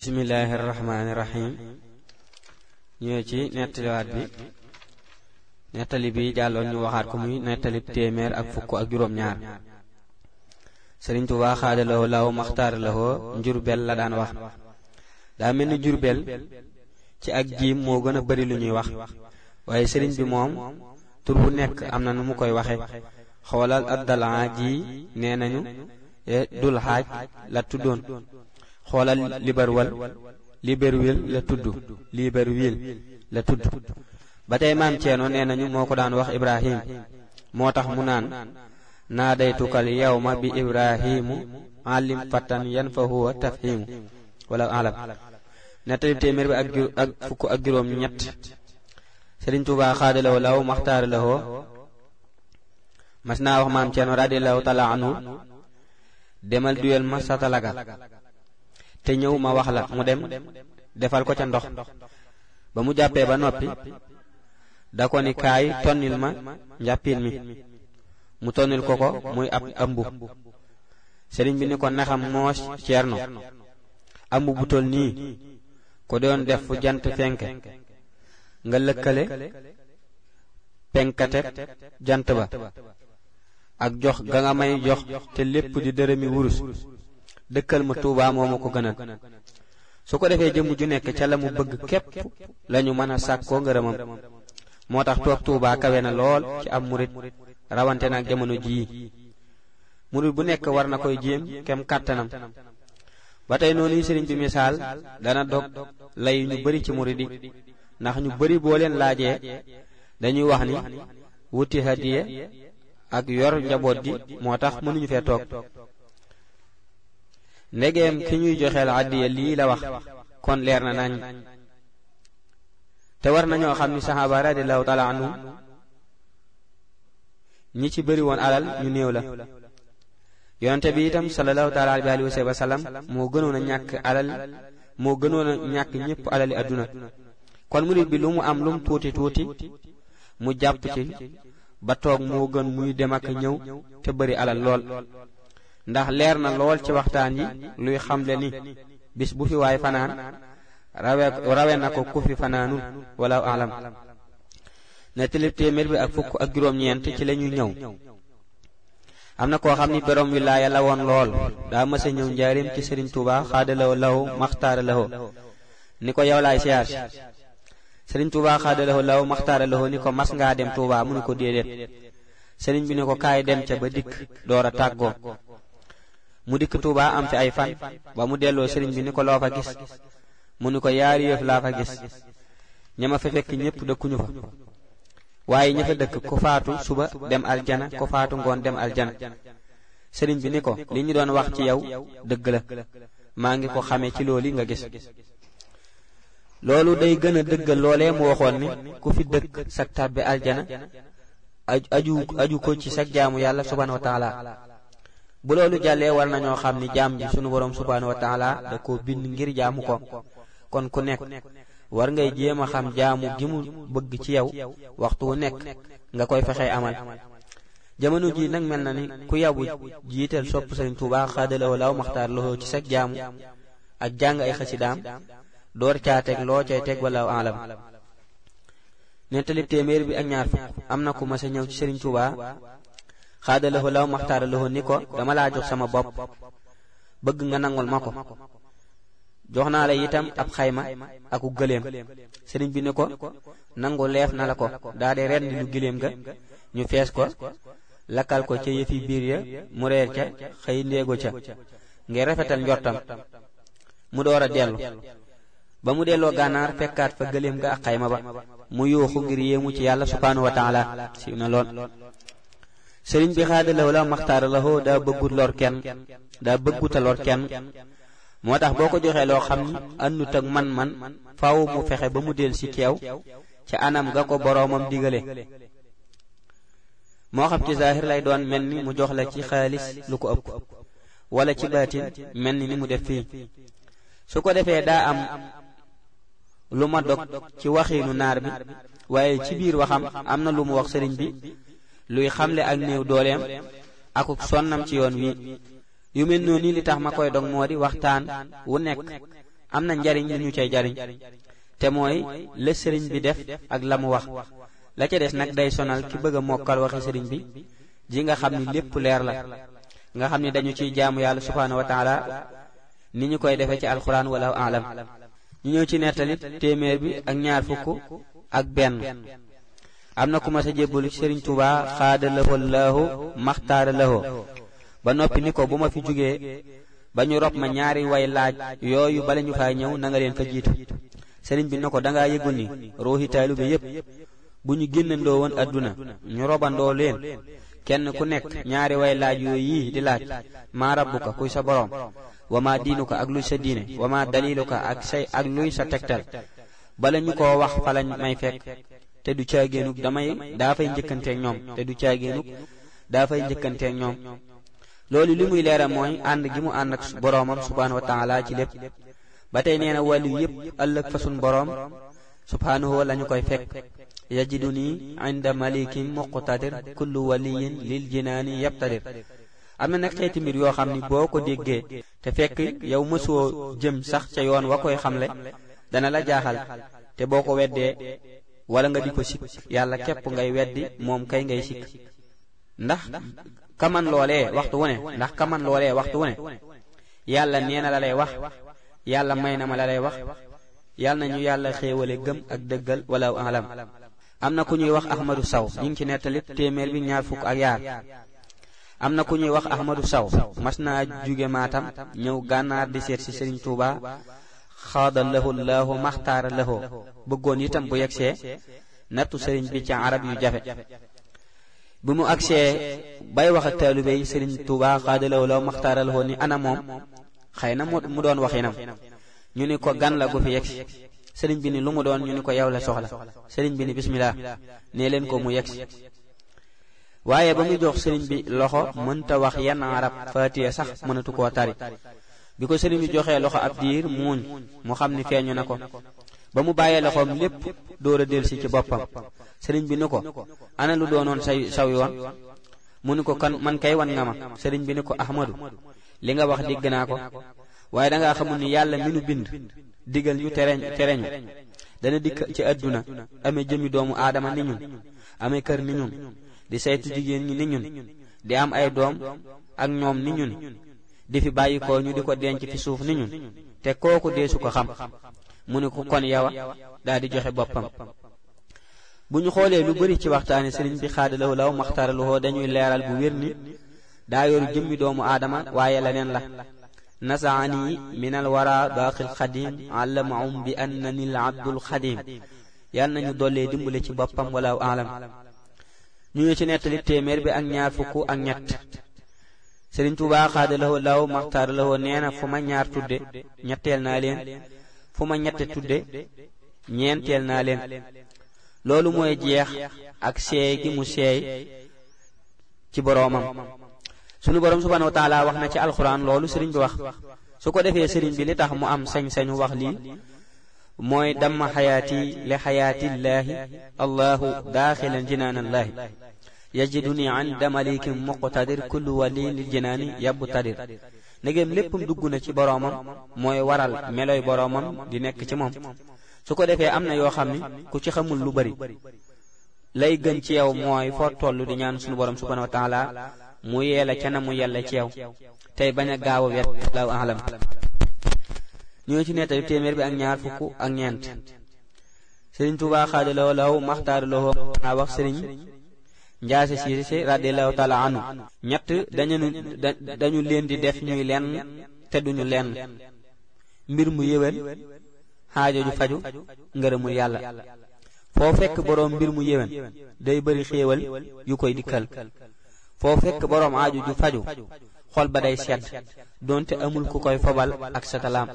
bismillahi irrahmani irahim ñëwee ci nettaliwaat bi nettali bi jàlloon ko muy nettalib téeméer ak fukk ak juróom-ñaar sëriñ njurbel la daan wax daa mel ni jurbel ci ak jiim moo gën a bari lu ñuy wax waaye sëriñ bi moom tur bu nekk am na nu mu koy waxe xoolal ad dalan ji nee nañu eh, dul xaaj la tuddoon xoolal Liberwal Liberwil la tudd Liberwil la tudd ba tey maam Ceerno nee nañu moo ko daan wax Ibrahim moo tax mu naan naadaytukal yawma bi Ibrahimu alim fatan yan fa huwa tafhimu wala alam nettali téeméer bi ak fukk ak juróom ñett Sëriñ Tuubaa xaadalawo law maxtaar lawoo mas naa wax maam Ceerno radiyallahu taala anhu demal duyel ma satalaga te ñëw ma wax la mu dem defal ko ca ndox ba mu jàppee ba noppi da ko ni kaay tonnil ma njàppin mi mu tonnil ko ko muy ab ambu seriñ bi ni ko naxam moo ceerno ambu bu tol nii ko doon def fu jant fenk nga lëkkale penkate jant ba ak jox ga nga may jox te lépp di dërëmi wurus dëkkal ma tuubaa moo ma ko gënal su ko defee jëmm ju nekk ca la mu bëgg képp la ñu mën a sàkkoo ngërëmam moo tax toog tuubaa kawe na lool ci am murit rawante naag jamono yi murit bu nekk war na koy jéem kem kàttanam ba tey noonu sëriñ bi misaal dana dog lay ñu bari ci murit yi ndax ñu bari boo leen laajee dañuy wax ni wuti hadiye ak yor njaboot gi moo tax mënuñu fee toog ndegem ki ñuy joxeel addiya lii la wax kon leer na nañ te war nañoo xam ni saxaaba radiallahu taala anhum ñi ci bari woon alal ñu néew la yonente bi itam sallallahu taala alayhi wa sallam moo gënoon a ñàkk alal moo gënoon a ñàkk ñëpp alali adduna kon murid bi lu mu am lu mu tuuti tuuti mu jàpp ci ba toog moo gën muy dem ak ñëw te bëri alal lool ndax leer na lool ci waxtaan yi luy xamle ni bis bu fi waay fanaan rawe rawe na ko ku fi fanaanul wala alam nettalib téeméer bi ak fukk ak juróom-ñeent ci la ñu ñëw am na koo xam ni borom wilaaya la woon lool daa mësa ñëw njaarim ci sëriñ Tuuba xaadalawo lawo maxtaara lawo ni ko yow laay siyaar si sëriñ Tuuba xaadalawo lawo maxtaara ni ko mas ngaa dem Tuuba mu ni ko déedéet sëriñ bi ni ko kaay dem ca ba dikk door a tàggoo mu dikk Tuubaa am fi ay fan ba mu delloo sëriñ bi ni ko loo fa gis mu ni ko yaari yëf laa fa gis ña ma fa fekk ñépp dëkkuñu fa waaye ña fa dëkk ku faatu suba dem aljana ko faatu ngoon dem aljana sëriñ bi ni ko li ñu doon wax ci yow dëgg la maa ngi ko xamee ci loolu nga gis loolu day gën a dëggal loolee mu waxoon ni ku fi dëkk sag tàbbi aljana aju aju ko ci sag jaamu yàlla subhaanahu wa taala bu loolu jàllee war nañoo xam ni jaam ji sunu borom subhaanahu wa taala da koo bind ngir jaamu ko kon ku nekk war ngay jéem a xam jaamu gi mu bëgg ci yow waxtu wu nekk nga koy fexee amal jamono ji nag mel na ni ku yabu jiital sopp Sëriñ Tuubaa xaadalawo law maxtaar loxoo ci sag jaamu ak jàng ay xasidaam door caa teg loo cay teg walaaw alam nettalib téeméer bi ak ñaar fukk am na ku mas a ñëw ci Sëriñ Tuubaa xaadalahoo law maxtaaralahoo ni ko dama laa jox sama bopp bëgg nga nangul ma ko jox naa la itam ab xayma aku gëléem sëriñ bi ni ko nangu leef na la ko daa di rendi lu gëléem ga ñu fees ko lakkal ko ca yëfi biir ya mu reer ca xëy ndéego ca ngir rafetal njortam mu door a dellu ba mu delloo gànnaar fekkaat fa gëléem ga ak xayma ba mu yuuxu ngir yéemu ci yàlla subhaanahu wa taala siiw sëriñ bi xaadalaw la maxtaara la xoo daa bëggut lor kenn daa bëgguta lor kenn moo tax boo ko joxee loo xam ni àndut ak man-man faaw mu fexe ba mu del si teew ca anam nga ko boroomam digale moo xam ci zaahir lay doon mel ni mu jox la ci xaalis lu ko ëpp wala ci baatin mel ni ni mu def fii su ko defee daa am lu ma dog ci waxiinu naar bi waaye ci biir waxam am na lu mu wax sëriñ bi luy xamle ak néew dooleem akuk sonnam ci yoon wi yu mel noonu li tax ma koy dog moo di waxtaan wu nekk am na njariñ li ñu cay jariñ te mooy la sëriñ bi def ak la mu wax la ca des nag day sonal ki bëgg a mokkal waxi sëriñ bi ji nga xam ni lépp leer la nga xam ni dañu ciy jaamu yàlla subhaanahu wa taala ni ñu koy defee ci alxuraan wala alam ñu ñëw ci nettali téeméer bi ak ñaar fukk ak benn am na ku ma sa jébbalu Sëriñ Tuubaa xaada lahu laahu ba noppi ni ko bu ma fi jógee ba ñu rob ma ñaari way laaj yooyu bala ñu faa ñëw na nga leen fa jiitu sëriñ bi na ko dangaa yëgul ni ruuxi taalibe yépp bu ñu génnandoo woon àdduna ñu robandoo leen kenn ku nekk ñaari way laaj yooyu yii di laaj maa ko kuy sa boroom wa maa ko ak luy sa diine wa maa daliluka ak say ak luy sa tegtal bala ñu koo wax fa may fekk te du caagéenug damay daa fay njëkkanteeg ñoom te du caagéenug daa fay njëkkanteeg ñoom loolu li muy leeral mooy ànd gi mu ànd ak boroomam subhaanahu wa taala ci lépp ba tey nee na wàllu yépp ëllëg fasun boroom subhaanahu lañu koy fekk yajiduni inda malikin muqtadir kullu waliyin lil jinaani yabtadir am na nag xeeti mbir yoo xam ni boo ko déggee te fekk yow mësuwoo jëm sax ca yoon wa koy xamle dana la jaaxal te boo ko weddee wala nga di ko sikk yàlla képp ngay weddi moom kay ngay sikk ndax kaman loolee waxtu wu ne ndax kaman loolee waxtu wu ne yàlla nee na la lay wax yàlla may na ma la lay wax yàlla ñu yàlla xéewale gëm ak dëggal wala alam am na ku ñuy wax ahmadu saw ñu ngi ci nettali téeméer bi ñaar fukk ak yaar am na ku ñuy wax ahmadu saw mas naa jóge maatam ñëw gànnaar di seet ci sëriñ tuuba xaadal lahu laahu maxtaara lahu bëggoon itam bu yegsee nattu sëriñ bi ci arab yu jafe bi mu agsee bay wax ak taalibe yi sëriñ Tuubaa xaadal lahu laahu maxtaara lahu ni ana moom xëy na mu doon wax waxinam ñu ni ko gan la gu fi yegsi sëriñ bi ni lu mu doon ñu ni ko yow la soxla sëriñ bi ni bismillah nee leen ko mu yegsi waaye ba muy jox sëriñ bi loxo mënta wax yenn arab faatiya sax mënatu koo tari bi ko sëriñ bi joxee loxo ab diir muuñ mu xam ni feeñu na ko ba mu bàyyee loxoom lépp door a delsi ci boppam sëriñ bi ni ko ana lu doonoon say saw yoon mu ni ko kan man kay wan nga ma sëriñ bi ni ko ahmadu li nga wax dégg naa ko waaye dangaa xamul ni yàlla mi nu bind digal ñu tereñ tereñu dana dikk ci àdduna amee jëmi doomu aadama ni ñun amee kër ni ñun di saytu jigéen ñi ni ñun di am ay doom ak ñoom ni ñun di fi bàyyi ko ñu di ko denc fi suuf ni ñun te kooku deesu ko xam mu ne ko kon yawa daal di joxe boppam bu ñu xoolee lu bari ci waxtaani sëriñ bi xaadalawu law maxtaraluhoo dañuy leeral bu wér ni daa yoru jëmmi doomu aadama waaye leneen la nasaani min al wara baaqil xadim allamahum bi annani l abdul xadim yal nañu dollee dimbale ci boppam walaaw alam ñu ngi ci nettali téeméer bi ak ñaar fukk ak ñett sëriñ Tuubaa xaada lawo law maxtaar lawo nee na fu ma ñaar tudde ñetteel naa leen fu ma ñette tudde ñeenteel naa leen loolu mooy jeex ak seey gi mu seey ci boroomam sunu boroom subhaanahu wa taala wax na ci alxuraan loolu sëriñ bi wax su ko defee sëriñ bi li tax mu am sañ-sañu wax lii mooy damm xayaati li xayaatillaahi allahu daaxilan jinaanallaahi yajiduni inda malikin muqtadir kullu waliin lil jinaani yabtadir ndegem léppam dugg na ci boroomam mooy waral meloy boroomam di nekk ci moom su ko defee am na yoo xam ne ku ci xamul lu bari lay gën ci yow mooy foo toll di ñaan sunu borom subhanahu wa taala mu yeela ca na mu yella ci yow tey bañ a gaaw a wet law alam ñoo ci nettali téeméer bi ak ñaar fukk ak ñeent sëriñ Tuubaa xaadaloo law maxtaaraloo naa wax sëriñ njaase siise radiallahu taala anu ñett dañu dañu leen di def ñuy lenn te duñu lenn mbir mu yéwén xaajo ju faju ngërëmul yàlla foo fekk borom mbir mu yéwén day bari xéewal yu koy dikkal foo fekk boroom aaju ju faju xol ba day set doonte amul ku koy fobal ak sa talaam